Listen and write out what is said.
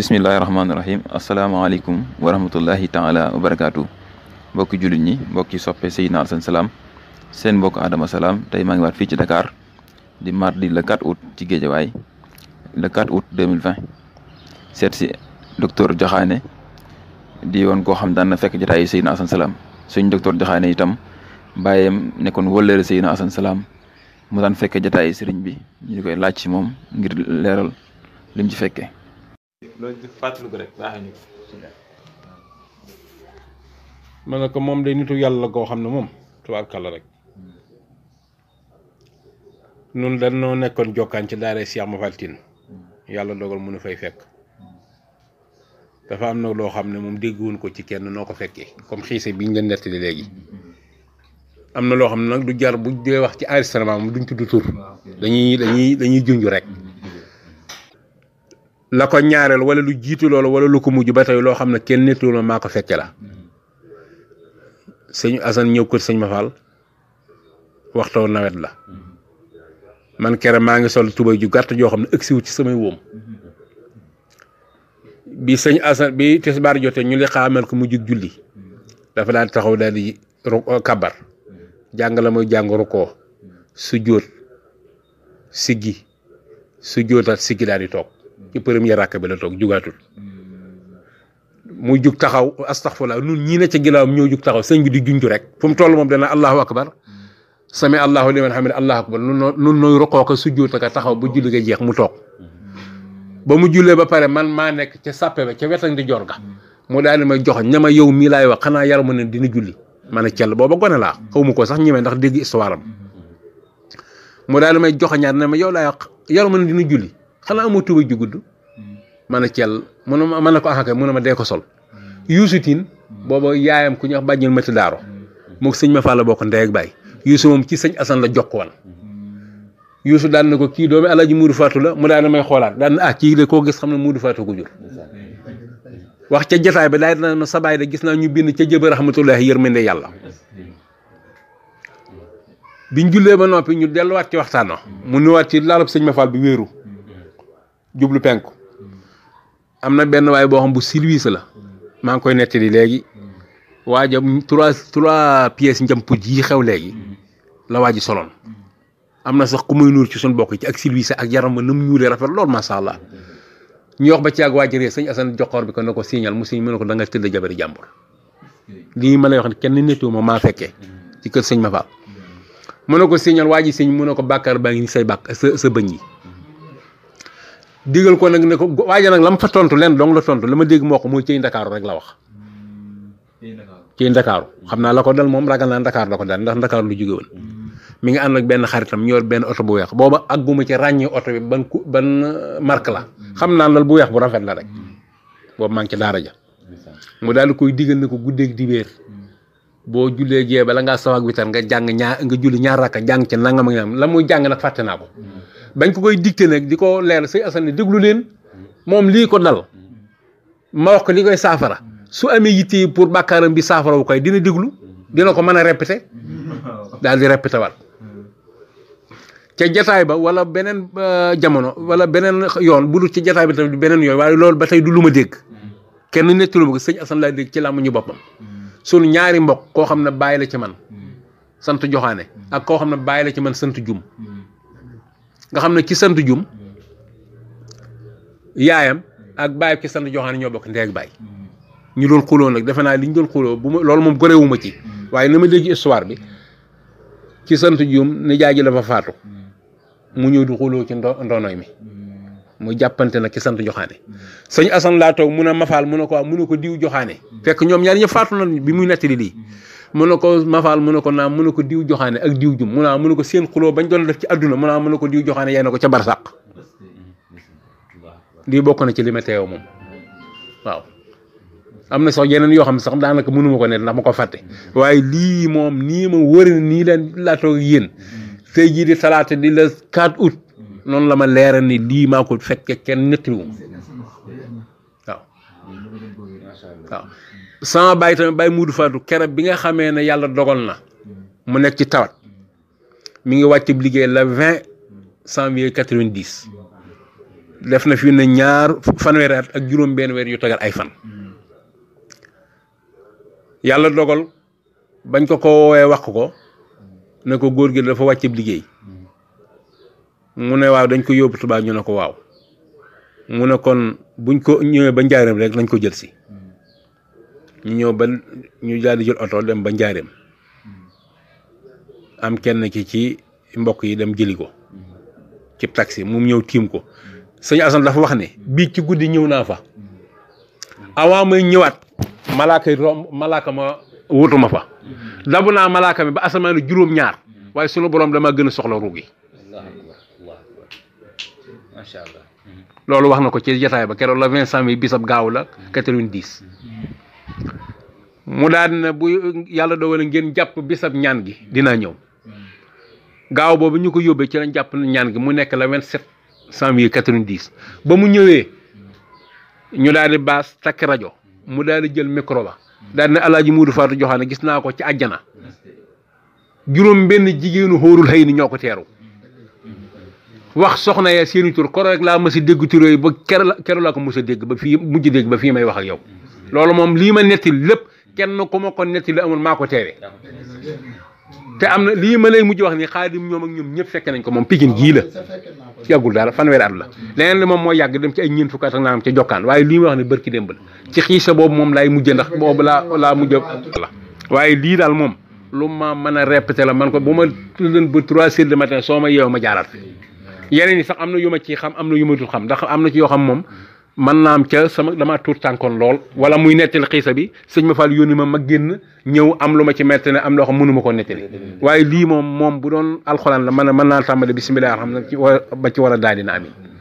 bismillahirrahmanirrahim Assalamualaikum warahmatullahi taala wabarakatuh barakaatu julit jullit ñi soppe Seydina Alassane Salam Sen mbokk Adama Salam tay ma ngi wat fi ci Dakar di mardi le 4 août ci Géejawaay le 4 août 2020 set ci docteur Diakhané di won ko xam daan na fekk Alassane Salam suñ docteur Jahane itam bayem nekkoon wëllëre Seydina Alassane Salam mu dan fek jotaay serigne bi ñu koy lacc mom ngir leral lim ci fekke loolu fàttaliku rek baaxee ko. moom day nitu yàlla koo xam ne moom tubaarkàlla rek nun noo nekkoon jokkaan ci daara Cheikh Mafal Tine yàlla dogal mu nu fay fekk dafa am na loo xam ne moom dégguwuñ ko ci kenn noo ko fekkee comme xiise bi ñu leen nettali léegi am na loo xam ne nag du jar bu dee wax ci enregistrement moom duñ tudd tur dañuy dañuy dañuy rek la ko ñaareel wala lu jiitu loolu wala lu ko mujj ba tey loo xam ne kenn nit loolu maa ko fekke la sëñ Assane ñëw kër sëñ Mafal waxtoo nawet la man kere maa ngi sol tubay ju gàtt joo xam ne ëgsiwu ci samay woom bi sëñ Assane bi tisbaar jotee ñu li xaamal ko mu jug julli dafa daan taxaw daal di ru kabar jàng la mooy jàng rukkoo su jóot siggi su jóotaat siggi daal di toog ci premier bi la toog jugaatul muy jug taxaw astaxfirullah nun ñii ne ca ginnaawam ñoo taxaw sëñ bi rek fu mu toll moom dana allahu akbar sami allahu liman hamid allahu akbar nun nun nooy roqoo ko sujjóot ka taxaw ba julli ga jeex mu toog ba mu jullee ba pare man maa nekk ca sàppe ba ca wetan di jor ga mu daal di may jox ñama yow mii laay wax xanaa yaramu ne dina julli ma ne cell booba gone laa xaw ma ko sax ñemee ndax dégg histoire am mu daal di may jox laay wax yaramu ne dina julli xanaa amoo tuba ju gudd mm. man a cell mun ma mën na ko axakay ah mun ma dee ko sol mm. yuusu tiin mm. booba yaayam ku ñu wax ma mati daaro moo sëñ ma faa la bokk ndey ak baay yuusu moom ci sëñ asan la jokk woon yuusu daan na ko kii doomi alaaji muudu faatu la mu daan na may xoolaat daan na ah kii de koo gis xam ne muudu faatu ko jur wax ca jataay ba daay na ma sabaay de gis naa ñu bind ca jëba rahmatullahi yërmande yàlla biñ jullee ba noppi ñu delluwaat ci waxtaan mu nuwaat ci laalub sëñ ma faal jublu penk am na benn waay boo xam bu service la maa ngi koy nettali léegi waaja trois trois pièces njëmpuj yi xew léegi la waaj soloon am na sax ku muy nuur ci suñu bokk ci ak service ak yaram ma na mu ñuulee rafet lool macha allah ñu yox ba ci ak waaj ree sëñ Assane joxoor bi ko na ko signal mu siñ mu ne ko da tëdd jabari jàmbur lii ma lay wax ne kenn nettu ma maa fekkee ci kër sëñ ma faal mu ne ko signal waa ji sëñ mu ne ko bàkkaar baa ngi ni say bàkk sa sa bëñ yi digal ko nag ne ko waaja nag la mu fa tontu leen dong la tontu la ma dégg moo ko muy cëy ndakaaru rek la wax cëy ndakaaru xam naa la ko dal moom ragal naa ndakaaru la ko dal ndax ndakaaru lu jóge woon mm. mi ngi ànd ak benn xaritam ñor benn oto bu weex booba àgguma ci ràññi oto bi ban ku ban uh, marque la mm. xam naa lal bu weex bu rafet la rek mm. boobu maa ngi ci daara ja mu daal di koy digal ne ko guddeeg dibéer boo jullee jee bala ngaa sawaag witar nga jàng ñaar nga julli ñaar rakka jàng ci nangam ak la muy jàng nag fàtte naa ko bañ ko koy dicté nag di ko leer sëñ Assane ne déglu leen moom lii ko dal ma wax ko li koy saafara su amee yittee pour bàkkaaram bi saafara wu koy dina déglu dina ko mën a répété daal di répété waat ca jataay ba wala beneen euh, jamono wala beneen yoon bu dul ci jataay bi tamit beneen yoon waaye loolu ba tey du lu ma dégg kenn nettalu ma ko sëñ Assane laa dégg ci làmb ñu boppam sunu ñaari mbokk koo xam ne bàyyi la ci man sant joxaane ak koo xam ne bàyyi la ci man sant jum nga xam ne ci sant jum yaayam ak baay ki sant joxaan ñoo bokk ndeeg baay ñu dool xuloo nag defe naa li ñu doon xuloo bu ma loolu moom gorewuma ci waaye na ma dégg histoire bi ci sant jum ni jaay ji dafa faatu mu ñëw di xuloo ci ndoonoy mi mu jàppante nag ci sant joxaane sëñ Assane laa toog mun a mafaal mun a ko mun a ko diw joxaane fekk ñoom ñaar ñëpp faatu na bi muy nettali lii mu ne ko mafaal mu ne ko naam mu ne ko diw joxaane ak diw jum mu naa ah mu a ko seen xuloo bañ doon def ci adduna mu naa ah mu ne ko diw joxaane yee ko ca barsàq lii bokk na ci li ma teew moom waaw am na sax yeneen yoo xam ne sax daanaka mënuma ko ne na ma ko fàtte waaye lii moom nii ma wëri nii leen laa toog yéen tey jii di talaata di la 4 août noonu la ma leeral ni lii maa ko kenn nettiwu waaw sama baay tamit baay muudu faatu keroog bi nga xamee ne yàlla dogol na mu nekk ci tawat mi ngi wàcc liggéey la vingt janvier quatre-vingt-dix def na fi ne ñaar fanweeri at ak juróom benn weer yu tegal ay fan yàlla dogal bañ ko ko woowee wax ko ne ko góor gi dafa wàcc liggéey mu ne waaw dañ ko yóbbu tubaab ñu ne ko waaw mu ne kon buñ ko ñëwee ba njaareem rek nañ ko jël si ñu ñëw ba ñu jaar di jël oto dem ba njaareem am kenn ki ci mbokk yi dem jëli ko ci taksi mu ñëw tiim ko sëñ Assane dafa wax ne bii ci guddi ñëw naa fa avant may ñëwaat malaaka rom malaaka ma wutuma fa dabu naa malaaka mi ba asamaanu juróom ñaar waaye sunu borom dama gën a soxla ruugi macha allah loolu wax na ko ci jataay ba keroog la vingt cent bi bisab gaaw la quatre-vingt-dix mu daan na bu yàlla dogal ngeen jàpp bisab ñaan gi dinaa ñëw gaaw boobu ñu ko yóbbee ci lañ jàpp ñaan gi mu nekk la 27 janvier 90 ba mu ñëwee ñu daal di baas takk rajo mu daal di jël micro ba daal di ne El Hadj Modou Fatou gis naa ko ci àjjana juróom benn jigéenu xóorul xëy ni ñoo ko teeru wax soxna ya seeni tur koro rek laa mës a dégg tur yooyu ba keroog laa ko mës a dégg ba fi mujj dégg ba fii may wax ak yow. loolu mom lii ma netti lépp kenn ku ma ko netti la amul mako téré te amna na ma lay mujj wax ni khadim ñom ak ñom ñëpp fekk nañ ko mom pigine gi la ci agul dara fan wéral la leneen li mom mo yag dem ci ay ñeent fukat ak naam ci jokkan waye lii wax ni barki dembal ci xisa bobu mom lay mujj ndax bobu la la mujj la waye li dal mom lu ma mën a répété la man ko buma ma bu 3 trois heures de matin soma yew ma jaaraat yeneen yi sax amna yuma ci xam amna yuma dul xam ndax amna ci yo xam mom man naam ca sama dama tuur tankon lol wala muy nettali xisa bi seigne ma fall yoni ma ma génn ñëw am luma ci metti ne am lo xam mënuma koo nettali waye li mom mom bu doon alcorane la man mën naa tàmbali bismillah alhamdulilah ci ba ci wala dalina amin